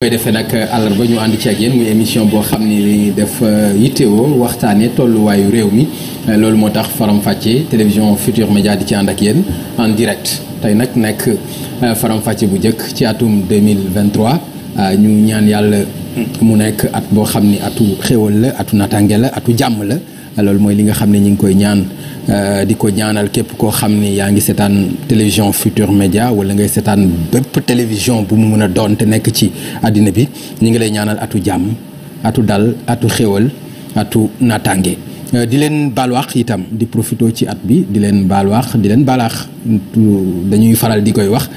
koy defee nag euh, àllarba ñu ànd ci ak yéen muy émission boo xam ni def euh, yittewoo waxtaanee tolluwaayu réew mi euh, loolu moo tax Faram Facce télévision Futur Média di ci ànd ak yéen en direct tey nag nekk Faram Facce bu njëkk ci atum 2023 ñu ñaan yàlla mu nekk at boo xam ni atu xéwal la atu natange la atu jàmm la Ah, loolu mooy li nga xam ne ñu ngi koy ñaan euh, di ko ñaanal képp koo xam ne yaa ngi seetaan télévision future Média wala ngay seetaan bépp télévision bu mu mën a doon te nekk ci àddina bi ñu ngi lay ñaanal atu jàmm atu dal atu xéwal atu naataange. Euh, di leen baalwaax itam di profito ci at bi di leen baalwaax di leen baalaax euh, dañuy faral di koy wax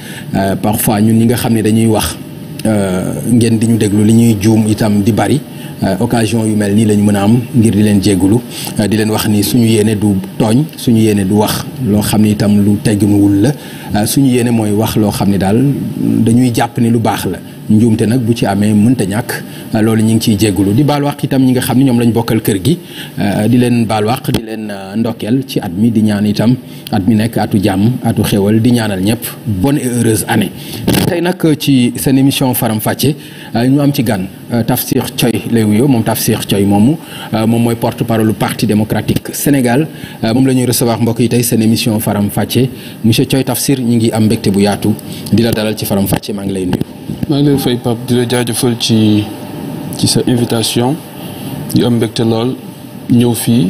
parfois ñun ñi nga xam ne dañuy wax. Euh, ngeen di ñu déglu li ñuy juum itam di bari euh, occasion yu mel nii la mën a am ngir di leen jéggulu euh, di leen wax ni suñu yéenee du tooñ suñu yéenee du wax loo xam ni itam lu tegginuwul la suñu yéene mooy wax loo xam ni daal dañuy jàpp ni lu baax la njuumte nag bu ci amee mënta ñàkk euh, loolu ñu ngi ciy jéggulu di baal wax itam ñi nga xam ne ñoom lañu bokkal kër gi euh, di leen baal wax di leen euh, ndokkeel ci at mi di ñaan itam at mi nekk atu jàmm atu xéwal di ñaanal ñëpp bon et heureuse année tey nag ci seen émission faram fàcce ñu am ci gan Tafsir Thioye lay wuyoo moom Tafsir Thioye moomu moom mooy porte parole lu parti démocratique Sénégal moom la ñuy recevoir mbokk yi tey seen émission faram fàcce monsieur Thioye Tafsir ñu ngi am mbégte bu yaatu di la dalal ci faram fàcce maa ngi lay nuyu. maa ngi lay fay Pape di la jaajëfal ci ci sa invitation di am mbégte lool ñëw fii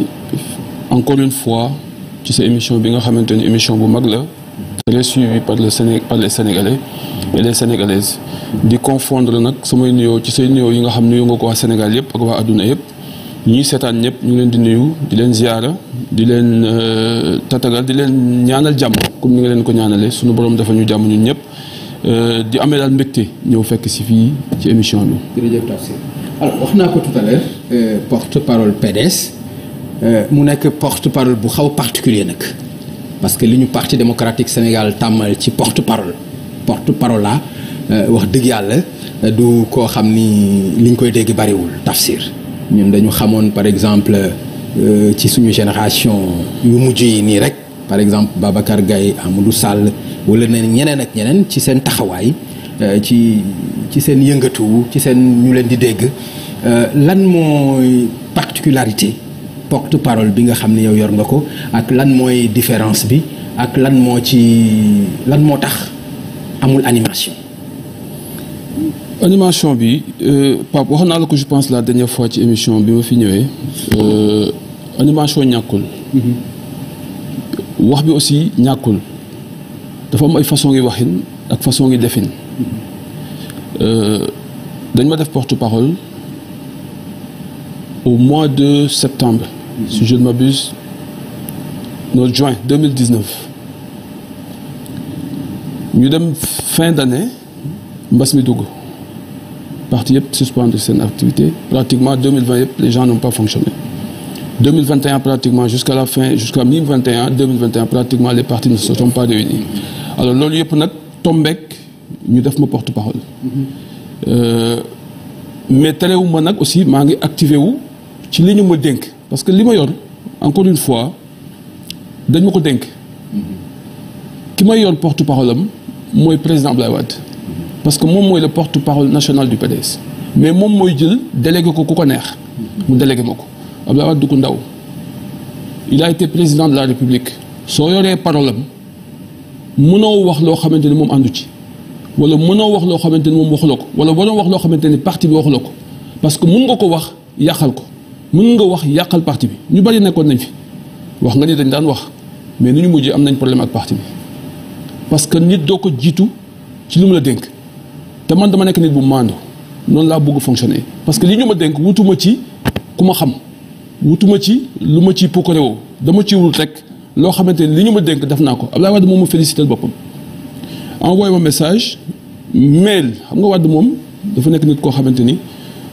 encore une fois ci sa émission bi nga xamante ni émission bu mag la très suivie par le par les Sénégalais et les di confondre nag samay nuyoo ci say nuyoo yi nga xam nuyoo nga ko waa Sénégal yëpp ak waa àdduna yëpp ñii seetaan ñëpp ñu leen di nuyu di leen ziyaara di leen euh, tatagal di leen ñaanal jàmm comme ni nga leen ko ñaanalee suñu borom dafa ñu jàmm ñun ñëpp Euh, di amee daal mbégte ñëw fekk si fii ci émission bi. jërëjëf wax naa ko tout à l'heure euh, porte parole PDS euh, mu nekk porte parole bu xaw particulier nag parce que li ñu parti démocratique Sénégal tàmmal ci porte parole porte parola wax dëgg yàlla du koo xam ni liñ koy dégg bariwul Tafsir ñun dañu xamoon par exemple ci suñu génération yu mujj yi nii rek. par exemple Babacar Gaye Amadou Sall wala ñeneen ak ñeneen ci seen taxawaay euh, ci ci seen yëngatu ci seen ñu leen di dégg euh, lan mooy particularité porte parole bi nga xam ne yow yor nga ko ak lan mooy différence bi ak lan moo ci lan moo tax amul animation. animation bi euh, Pape wax naa la ko je pense la dernière fois ci émission bi ma fi ñëwee animation ñàkkul. Mm-hmm. wax bi aussi ñàkkul dafa am ay façon yi waxin ak façon yi defin euh, dañ ma def porte-parole au mois de septambre si je ne m'abuse juin 2019 ñu dem fin d'année mbas mi dugg parti yëpp suspendre seen activité pratiquement 2020 yëpp les gens n'ont pas fonctionné 2021 pratiquement jusqu'à la fin jusqu'à mi-21 2021 pratiquement les partis ne se sont pas réunis alors loolu yëpp nag tombeek ñu def ma porte-parole mm-hmm. euh, mais terewu ma nag aussi maa ngi activé wu ci li ñu ma dénk parce que li ma yor encore une fois dañ ma ko dénk mm-hmm. ki may yor porte-parole am mooy président Abdoulaye mm-hmm. parce que moom mooy le porte-parole national du PDS mais moom mooy jël délégué ko ku ko neex mu délégué ma ko Abdoulaye Wade dugg ndaw il a été président de la république soo yoree parole am mënoo wax loo xamante ni moom àndu ci wala mënoo wax loo xamante ni moom waxuloo ko wala mënoo wax loo xamante ni parti bi waxuloo ko parce que mun nga ko wax yàqal ko mën nga wax yàqal parti bi ñu bari nekkoon nañ fi wax nga ni dañ daan wax mais ni ñu mujjee am nañ problème ak parti bi parce que nit doo ko jiitu ci li mu la dénk te man dama nekk nit bu maandu noonu laa bëgg fonctionner parce que li ñu ma dénk wutuma ci ku ma xam. wutuma ci lu ma ciy pukkare woo dama ci wut rek loo xamante ni li ñu ma dénk def naa ko Abdoulaye Wade moom ma félicité boppam. envoyé ma message mail xam nga Wade moom dafa nekk nit koo xamante ni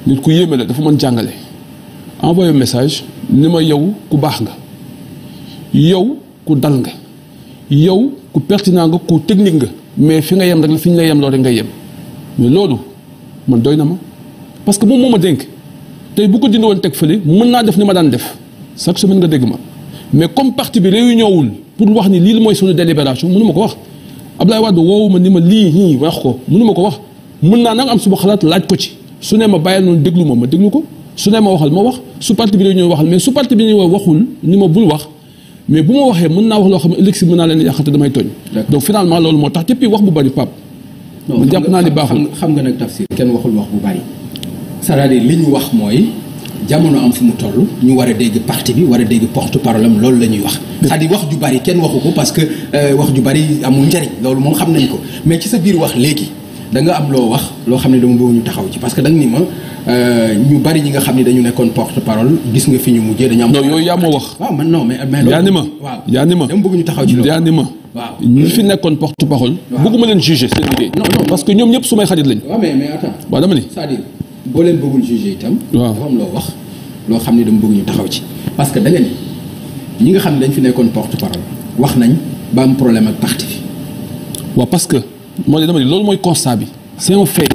nit ku yéeme la dafa mën jàngale. envoyé message ni ma yow ku baax nga yow ku dal nga yow ku pertinent nga ku technique nga mais fi nga yem rek la fi ñu lay yem loolu rek ngay yem mais loolu man doy na ma parce que moom moo ma dénk. tey bu ko dindi woon teg fële mën naa def ni ma daan def chaque semaine nga dégg ma mais comme parti bi réunion wul pour wax ni lii mooy suñu délibération mënu ma ko wax Ablaye Wade woowu ma ni ma lii ñii wax ko mënu ko wax mën naa nag am suba xalaat laaj ko ci su ne ma bàyyil noonu déglu ma ma déglu ko su ne ma waxal ma wax su parti bi réunion waxal mais su parti bi réunion waxul ni ma bul wax mais bu ma waxee mën naa wax loo xam ne ëllëg si mën finalement loolu moo tax depuis wax bu bari Pape man jàpp naa ni baaxul xam nga nag tafsir kenn waxul wax bu bari c'est-à-dire li ñu wax mooy jamono am fu mu toll ñu war a dégg parti bi war a dégg porte parole am loolu la ñuy wax. cest à wax ju bari kenn waxu ko parce que euh, wax ju bari amul njariñ loolu moom xam nañ ko mais ci sa biir wax léegi da nga am loo wax loo xam ne dama bëgg ñu taxaw ci parce que da ni ma euh, ñu bari ñi nga xam ne dañu nekkoon porte parole gis nga fi ñu mujjee dañu am. non yooyu yaa ma wax. waaw man non yaa ni ma yaa ni ma ñu taxaw ci loolu fi nekkoon porte parole. waaw bëgguma leen juger seen liggéey. non non parce que ñoom ñëpp sumay xarit boo leen bëggul jugé itam. waaw loo wax loo xam ne dama bëgg ñu taxaw ci. parce que danga ni ñi nga xam ne dañ fi nekkoon porte parole wax nañ ba am problème ak parti bi. waaw parce que moo dama ni loolu mooy constat bi. c'est un fait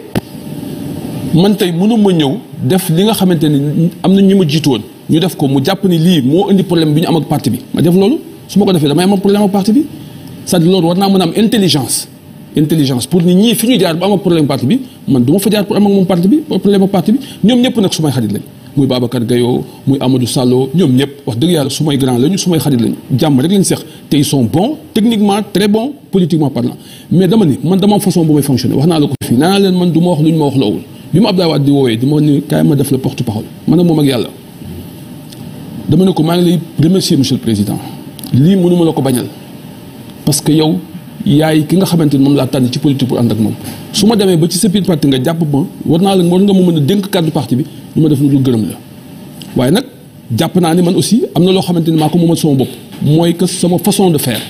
man tey mënu ma ñëw def li nga xamante ni am na ñu ma jiitu woon ñu def ko mu jàpp ni lii moo indi problème bi ñu am ak parti bi ma def loolu su ma ko defee damay am problème ak parti bi cest à loolu war naa mën a am intelligence. intelligence pour nit ñii fi ñuy jaar ba am bi man du ma fa jaar pour am ak moom parti bi problème ak parti bi ñoom ñëpp nag su may xarit lañ muy Babacar Gayo muy Amadou Sàllo ñoom ñëpp wax dëgg yàlla su may grand lañu su may xarit lañu jàmm rek lañ seq te ils sont bons techniquement très bons politiquement parlant mais dama ni man dama façon bu may fonctionner wax naa la ko fii naa leen man du wax lu ma wax loowul bi ma Abdoulaye Wade di woowee di ma ni kaay ma def la porte parole man ak moom ak yàlla dama ne ko maa ngi lay remercier monsieur le président lii mënuma la ko bañal parce que yow yaay ki nga xamante ni moom laa tànn ci politique bu ànd ak moom su ma demee ba ci sa biir nga jàpp ma war naa la war nga ma mën a dénk kàddu parti bi lu ma def lu dul gërëm la waaye nag jàpp naa ni man aussi am na loo xamante ni maa ko moomal sama bopp mooy que sama façon de faire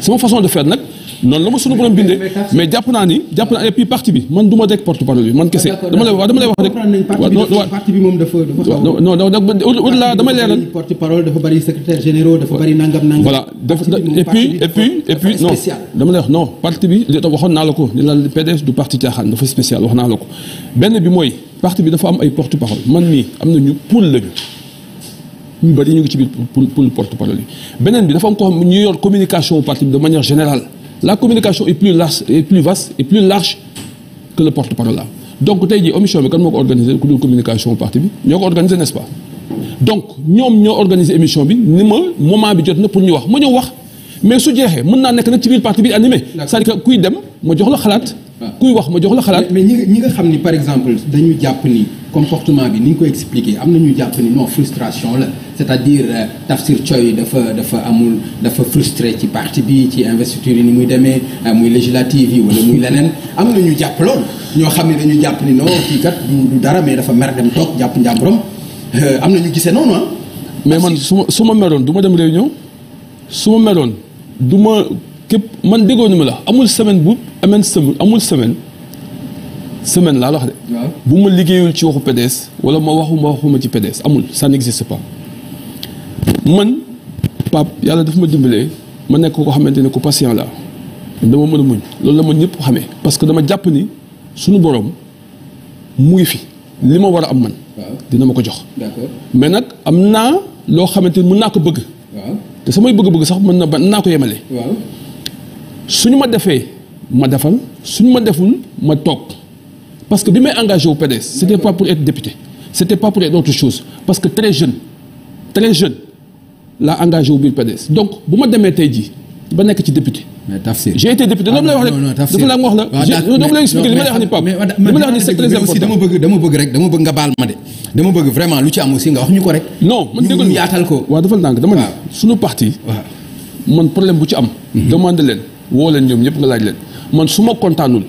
sama façon de faire nag noonu la ma sunu borom bindee mais jàpp naa ni jàpp naa et puis parti bi man du ma dekk porte parole bi man kese ah, dama lay wax dama parti bi moom dafa wax non waxoon naa la ko ni la PDS du parti caaxaan dafa spécial wax naa la ko benn bi mooy parti bi dafa am ay porte parole man nii am nañu pool lañu ñu bari ñu ngi ci biir pool porte parole yi beneen bi dafa am ko xam ñu yor communication parti bi de manière générale la communication est plus large est plus vaste et plus large que le porte-parole là donc tey jii émission bi kan moo ko organisé ku dul communication parti bi ñoo ko organisé nest pas donc ñoom ñoo organisé émission bi ni ma moment bi jot na pour ñu wax ma ñëw wax mais su jeexee mën naa nekk na ci biir parti bi animé c'est-à-dire kuy dem ma jox la xalaat kuy wax ma jox la xalaat. mais ñi nga xam ni par exemple dañu jàpp ni comportement bi ni ñu ko expliqué am na ñu jàpp ni non frustration la c'est-à-dire euh, Tafsir Thioye dafa dafa amul dafa frustré ci parti bi ci investiture yi ni muy demee euh, muy législative yi wala muy leneen am na ñu jàpp ñoo xam ne dañu jàpp ni non kii dara mais dafa mer dem toog jàpp njàmburam euh, am na ñu gisee noonu ah. mais man su ma su ma meroon du ma dem réunion ñëw ma meloon du képp man déggoo ni ma la amul semaine bu ameen semaine amul semaine semaine laa la wax de. bu ma liggéeyul ci waxu PDS wala ma waxu ma waxuma ci PDS amul ça n'existe pas man Pape yàlla daf ma dimbalee ma nekk ko xamante ne ku patient la dama mën a muñ loolu la ma ñëpp xamee parce que dama jàpp ni suñu boroom muy fi li ma war a am man. dina ma ko jox. mais nag am naa loo xamante ni mën naa ko bëgg. te samay bëgg-bëgg sax mën na ba naa ko yemale. su ñu ma defee ma defal su ñu ma deful ma toog parce que bi may engagé wu PDS c'était pas pour être député c'était pas pour être autre chose parce que très jeune très jeune laa engagé wu biir PDS donc bu ma demee tey jii ba nekk ci député. mais Tafsir député loolu lay wax rek ah, dafa laa wax la. waaw dama lay expliqué li ma lay wax ni Pape. li ma lay wax ni c'est très important nga baal ma de. dama bëgg vraiment lu ci am aussi nga wax ñu ko rek. non man déglu yaatal ko. waaw dafa ndànk dama ne. suñu parti. man problème mhm. leen. woo leen ñoom ñëpp nga laaj leen man su ma kontaanul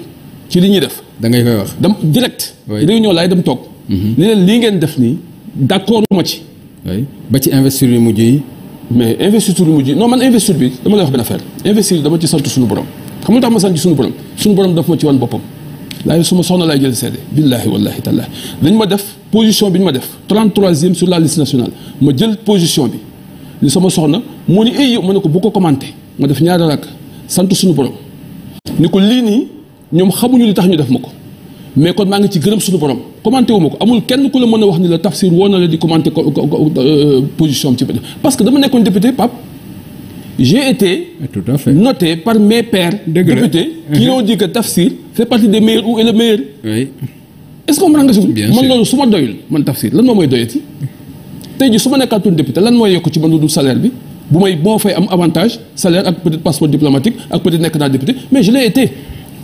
ci li ñuy def. da ngay koy wax dem direct. réunion laay dem toog. Mhm. ni leen lii ngeen def nii d' accord ma ci. ba ci investir yu mujj yi. mais investiture yu mujj yi non man investiture bi dama lay wax benn affaire investir dama ci sant suñu borom xam nga tax ma sant ci suñu borom suñu borom daf ma ci wan boppam. laay su ma soxna laay jël seede billahi wallahi tallahi dañ ma def position bi ñu ma def 33e sur la liste nationale ma jël position bi sama soxna moo ni ay yow ne ko bu ko commenté ma def ñaari rakk. sant suñu borom ni ko lii nii ñoom xamuñu li tax ñu def ma ko mais kon maa ngi ci gërëm suñu borom commenté wu ma ko amul kenn ku la mën a wax ni la tafsir woo na la di commenté euh, position ci parce que dama nekkoon député Pape j'ai été eh, tout à fait noté par mais pairs députés eh, qui eh. ont dit que tafsir fait partie des ou est le meilleur oui est-ce que comprendre nga si man loolu su ma doyul man tafsir lan moo mooy doyati tey ji su ma nekkaatoon député lan mooy yokk ci man u salaire bi bu may boo fay am avantage salaire ak peut-être passeport diplomatique ak peut-être nekk naa député mais je l'ai été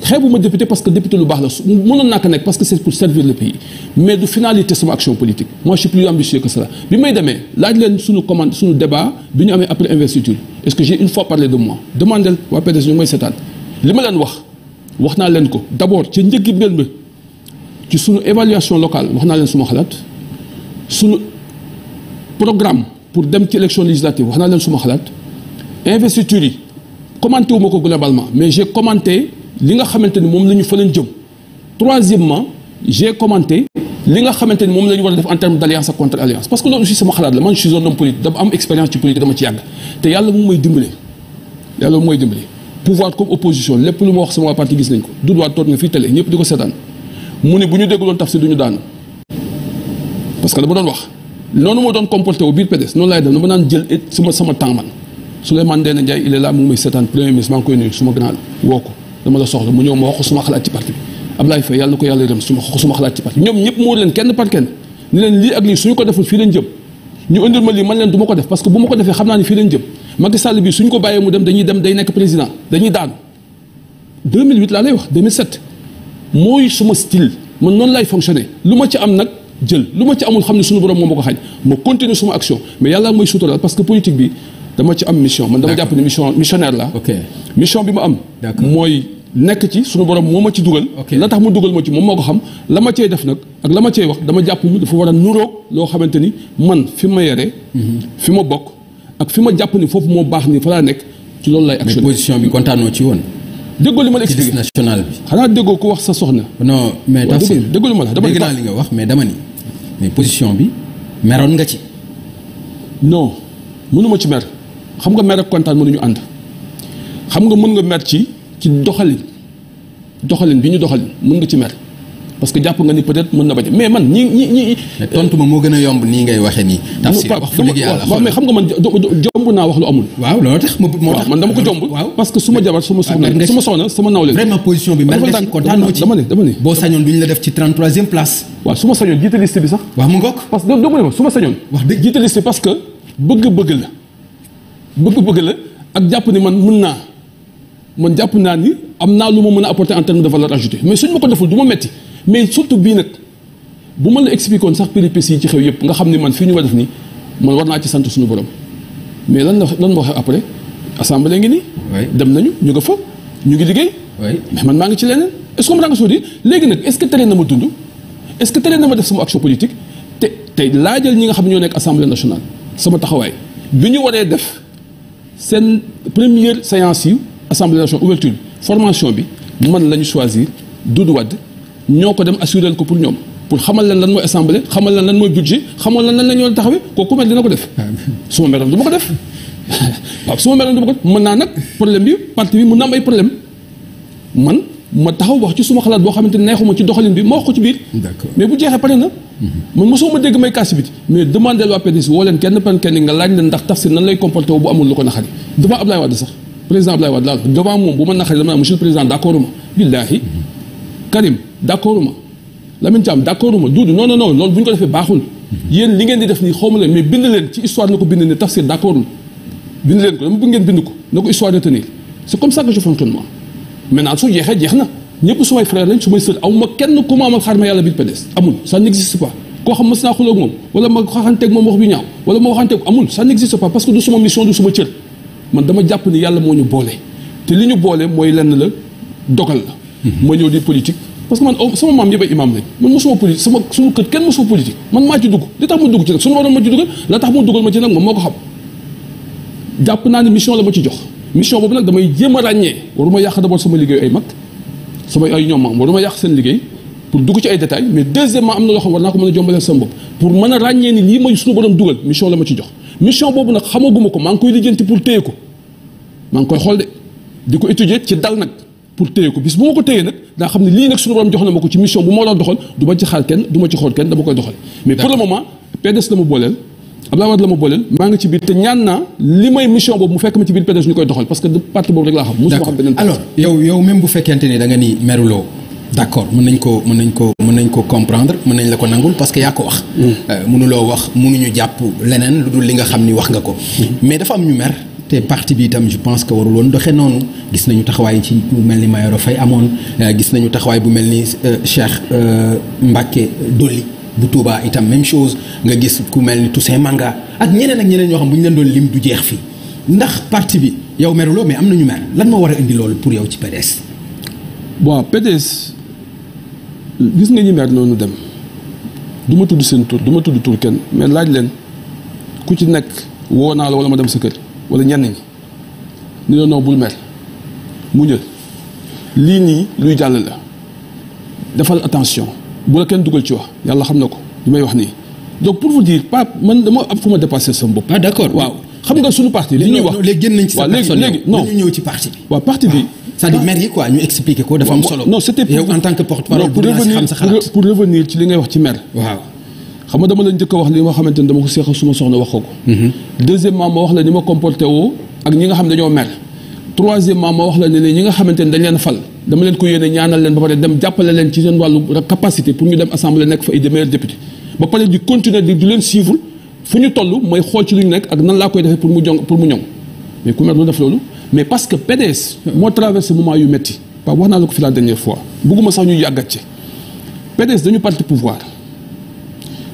xeebu ma député parce que député lu baax la mënoon naa ko nekk parce que c'est pour servir le pays mais du finalité sama action politique moi je plus ambitieux que cela bi may demee laaj leen suñu commande suñu débat bi ñu amee après investiture est-ce que j'ai une fois parlé de moi demandel waa PDS ñu ngi may seetaan li ma leen wax wax naa leen ko d'abord ci njëggi mbir mi ci suñu évaluation locale wax naa leen suma xalaat suñu programme pour dem ci élection législative wax naa leen suma xalaat investiture yi commenté wu ma ko globalement mais j'ai commenté li nga xamante ni moom la ñu fa leen jëm troisièmement j'ai commenté li nga xamante ni moom la war a def en terme d' alliance ak contre alliance parce que loolu aussi sama xalaat la man je suis un homme dama am expérience ci politique dama ci yàgg te yàlla moom mooy dimbale yàlla moom mooy dimbale pouvoir comme opposition lépp lu ma wax sama waa parti gis nañ ko duduwaat toog nga fii télé ñu dégguloon taf si du ñu daanu parce que la ma doon wax noonu moo doon comporté wu biir PDS noonu laay def dama naan jël sama sama temps man Souleymane Ndéné Ndiaye il est là mu ngi may seetaan premier ministre maa ngi koy nuyu suma la soxla mu ñëw ma wax ko suma xalaat ci parti bi Ablaye Faye yàlla na ko yàlla dem suma wax ko suma xalaat ci parti ñoom ñëpp muur leen kenn par kenn ni leen lii ak lii suñu ko deful fii leen jëm ñu indil ma lii man leen du ma ko def parce que bu ma ko defee xam naa ni fii leen jëm Macky Sall bi suñ ko bàyyee am nag jël lu ma ci amul xam ne suñu borom moo ma ko xañ ma continuer suma action mais yàlla mooy suutural parce que politique bi dama ci am mission man dama jàpp ne mission missionnaire la mission bi ma am mooy nekk ci suñu borom moo ma ci dugal la tax mu dugal ma ci moom moo ko xam la ma cey def nag ak la ma cey wax dama jàpp ni dafa a nuroog loo xamante ni man fi ma yere mhm. fi ma bokk ak fi ma jàpp ni foofu moo baax ni fa laa nekk ci loolu lay action position bi kontaanoo ci woon déggoo li ma la expliqué national ko wax sa soxna non mais déggoo li ma la dama dégg li nga wax mais dama ni mais position bi meroon nga ci. non mënuma ci mer xam nga mer ak kontaan mënuñu ànd xam nga mën nga mer ci ci doxalin doxalin bi ñu doxalin mën nga ci mer. parce que jàpp nga ni peut-être mën na bañ mais man ñi ñi ñi. moo gën a yomb nii ngay waxee nii. nga wax lu amul. waaw loolu tax moo tax man dama ko jomb. parce que su ma jabar su ma soxna su ma soxna sama position bi mel nga def ci 33e place. waaw su ma sañoon jiite liste bi sax. waaw mu ngoog. parce que ne la bëgg jàpp ni man mën naa man jàpp naa ni am naa lu ma mën a apporter en terme de valeur ajoutée mais suñ ma ko deful du metti mais surtout bii nag bu ma la expliqué sax péripéties yi ci xew yëpp nga xam ni man fii ñu war def nii man war naa ci sant suñu borom mais lan la lan moo xew après assemblée ngi nii. dem nañu ñu nga fa ñu ngi liggéey. mais man maa ngi ci leneen est-ce que ma daa léegi nag est-ce que tere na ma dund est-ce que tere na ma def sama action politique te tey laajal ñi nga xam ne ñoo nekk assemblée nationale sama taxawaay bi ñu waree def seen première séance yi assemblée nationale ouverture formation bi man la ñu choisir Doudou ñoo ko dem assuré ko pour ñoom pour xamal leen lan mooy assemblée xamal leen lan mooy budget xamal leen lan la ñu war a taxawee kooku mel dina ko def su ma meroon du ma ko def mën naa nag problème bi parti bi mën naa am ay problème man ma taxaw wax ci suma xalaat boo xamante neexuma ci doxalin bi ma wax ko ci biir mais bu jeexee pare na mhm. man mosoo laaj leen ndax Tafsir nan lay comporté wu bu amul lu ko naxari devant Ablaye Wade sax président Ablaye billaahi Karim d' accord ma Lamine Thiam d' accord ma Doudou non non non loolu bu ñu ko defee baaxul yéen li ngeen di def nii xawma leen mais bind leen ci histoire na ko bind ne tafsir d' accord bind leen ko dama bëgg ngeen bind ko na ko histoire retenir c' comme ça que je su jeex na ñëpp sumay frère lañ su may sër kenn ku ma amal xaar ma yàlla biir PDS amul ça n' existe naa xuloo moom wala ma waxanteeg moom wax bi ñaaw wala ma waxanteeg amul ça n' existe pas parce que du suma mission du suma cër man dama jàpp ni yàlla moo ñu boole te li ñu boole mooy lenn la dogal la ma ñëw di politique parce que man sama maam ma dugg ci nag su ma doon ma ci naa ne mission la ma ci jox mission boobu nag damay jéem a ràññee waruma yàq d'abord sama liggéey ay mag sama ay ñoom maam waruma yàq seen liggéey pour dugg ci ay détails mais deuxièmement am na loo xam war naa ko mën a jombaleel sama bopp pour mën a ràññee ni lii mooy suñu borom dugal mission la ma ci jox mission boobu nag xamaguma ko maa ngi koy lijjanti pour téye ko maa ngi koy xool de di ko étudier ci dal nag pour téye ko bis bu ma ko téye nag daa xam ne lii nag suñu borom jox na ma ko ci mission bu ma doon doxal du ma ci xaar kenn du ci xool kenn dama koy doxal mais pour le moment PDS la biir te ñaan naa may mission boobu mu fekk ma ci biir PDS que parti boobu rek laa xam mosuma xam beneen ni da nga ni meruloo d' accord mën nañ ko mën nañ ko mën comprendre mën nañ la ko nangul parce que yaa ko wax mm. euh, mënuloo wax mënuñu jàpp leneen lu dul li nga xam ni wax nga ko mm. mais dafa am ñu mer te parti bi itam je pense que warul woon doxe noonu gis nañu taxawaay ci bu mel ni Mayoro fay amoon euh, gis nañu taxawaay bu mel ni euh, Cheikh euh, Mbacké Dolly bu tuubaa itam même chose nga gis ku mel ni Toussaint Manga ak ñeneen ak ñeneen ñoo xam bu ñu leen doon lim du jeex fii ndax parti bi yow meruloo mais am ñu mer lan moo war a indi loolu pour yow ci PDS. bon PDS gis nga ñi mer noonu dem du ma tudd seen tur duma tudd tur kenn mais laaj leen ku ci nekk naa la ma dem sa kër. wala ñenn ñi ni la non bul mer muñal lii nii luy jàll la defal attention bu la kenn dugal ci wax yàlla xam na ko li wax nii donc pour vous dire pas man dama am fu ma dépassé sama bopp. ah d'accord waaw xam nga suñu parti li ñuy wax léegi génn ci sa personne léegi non ñu ñëw ci parti bi. waaw parti bi. Ah, c'est-à-dire yi quoi ñu expliquer ko dafa am solo. non pour revenir ci li ngay wax ci maire xam nga dama la njëkk a wax li ma xamante ni dama ko seexal suma soxna wax ko ko. Mhm. deuxièmement ma wax la ni ma comporté woo ak ñi nga xam dañoo mer. troisièmement ma wax la ne ñi nga xamante ni dañ leen fal dama leen ko yéene ñaanal leen ba pare dem jàppale leen ci seen wàllu capacité pour ñu dem assemblée nekk fa ay des meilleurs députés ba pare di continuer di leen suivre fu ñu toll mooy xool ci lu ñu nekk ak nan laa koy defee pour mu jong pour mu ñoŋ mais ku parce que PDS moo traversé moment yu métti waaw wax naa la ko fi la dernière fois bugguma sax ñu yàggat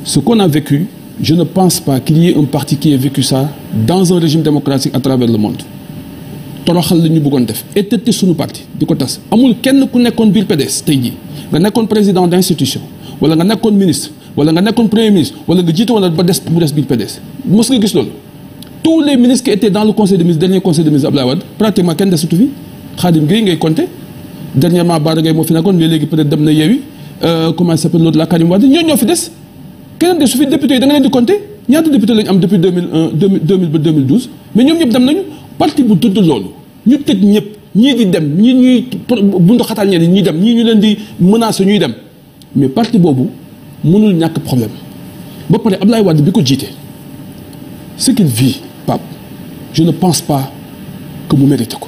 ce qu'on a vécu, je ne pense pas qu'il y ait un parti qui ait vécu ça dans un régime démocratique à travers le monde toroxal la ñu bëggoon def étêté suñu parti di ko tas amul kenn ku nekkoon biir PDS tey jii nga nekkoon président d' institution wala nga nekkoon ministre wala nga nekkoon premier ministre wala nga jiite woon ba des bu des biir PDS mos nga gis loolu tous les ministres qui étaient dans le conseil des ministres dernier conseil euh, ñoo ñoo des keneen de su fi yi da nga leen di compter ñaata député lañu am depuis 2001 2000 ba 2012 mais ñoom ñëpp dem nañu parti bu tudd loolu ñu tëj ñëpp ñii di dem ñii ñuy buntu xatal ñuy dem ñii ñu leen di menacer ñuy dem mais parti boobu mënul ñàkk problème ba pare Ablaye Wade bi ko jiite ce qu'il vit Pape je ne pense pas que mu mérite ko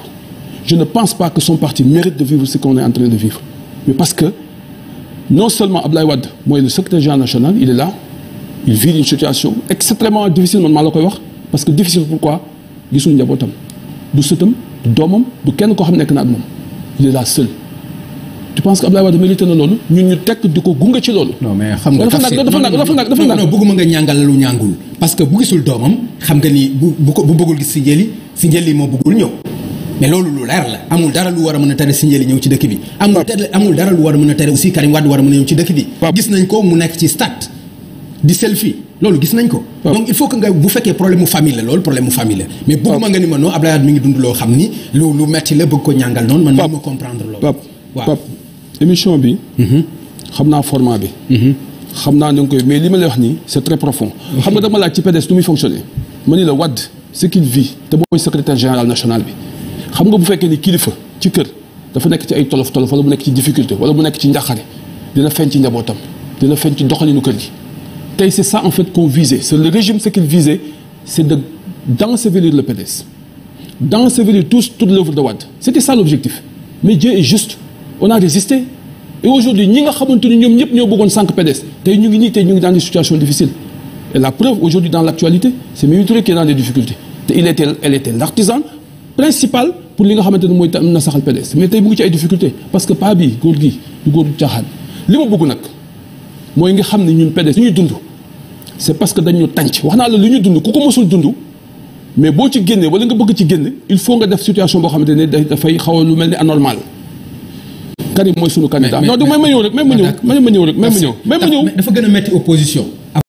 je ne pense pas que son parti mérite de vivre ce qu'on est en train de vivre mais parce que non seulement Ablaye Wade mooy le secrétaire général national il vit une situation extrêmement difficile man maa la koy wax parce que difficile pourquoi gisul njabootam du sëtam doomam du kenn koo xam nekk na ak moom il est là seul tu penses que Abdoulaye Wade mérité na loolu ñun ñu tekk di ko gunge ci loolu. non mais xam nga dafa nag dafa nag dafa nag dafa nag. non bëgguma nga ñàngal si njëli si njëli moo bëggul lu leer la dara lu war a mën a tere si njëli ñëw ci dëkk bi. amul dara lu war a mën a tere aussi Karim Wade war a mën a ñëw ci dëkk bi. gis nañ ko mu nekk ci stade di selfie loolu gis nañ ko. donc il faut que nga bu fekkee problème mu famille la loolu problème mu famille la. mais bëgguma nga ni ma noo Abdoulaye mi ngi dund loo xam ni lu lu metti la bëgg ko ñàngal noonu. man ma comprendre loolu. Pape bi. Mm-hmm. xam naa format bi. Mm-hmm. xam naa ni nga koy mais li ma lay wax nii c'est très profond. xam nga dama laaj ci PDS nu muy fonctionner. ma ni la Wade ce qu'il vit te mooy secrétaire général national bi xam nga bu fekkee ni kilifa ci kër dafa nekk ci ay tolof tolof wala mu nekk ci difficulté wala mu nekk ci njàqare dina feeñ ci njabootam dina feeñ ci doxalinu kër gi tey c'est ça en fait qu'on visait c'est le régime ce qu'il visait c'est de d'ensevelir le PDS d'ensevelir tous toute l'œuvre de Wade c'était ça l'objectif mais Dieu est juste on a résisté et aujourd'hui ñi nga xamante ni ñoom ñëpp ñoo bëggoon sànq PDS tey ñu ngi nii tey ñu ngi dans des situations difficiles et la preuve aujourd'hui dans l'actualité c'est Mimi Touré qui est dans des difficultés il était l'artisan principal pour li nga xamante ne mooy tam na saxal PDS mais tey mu ngi ci que pas bi góor gi du góor du nag mooy nga xam ne ñun PDS ñuy dund c'est parce que dañu tànc wax naa la lu ñu dund ku ko mësul dund mais boo ci génnee wala nga bëgg ci génn il faut nga def situation boo xamante ne dafay xaw a lu mel ni anormal Karim mooy sunu candidat non may ma ñëw rek may ma ñëw may ma rek may ma may ma dafa gën a métti opposition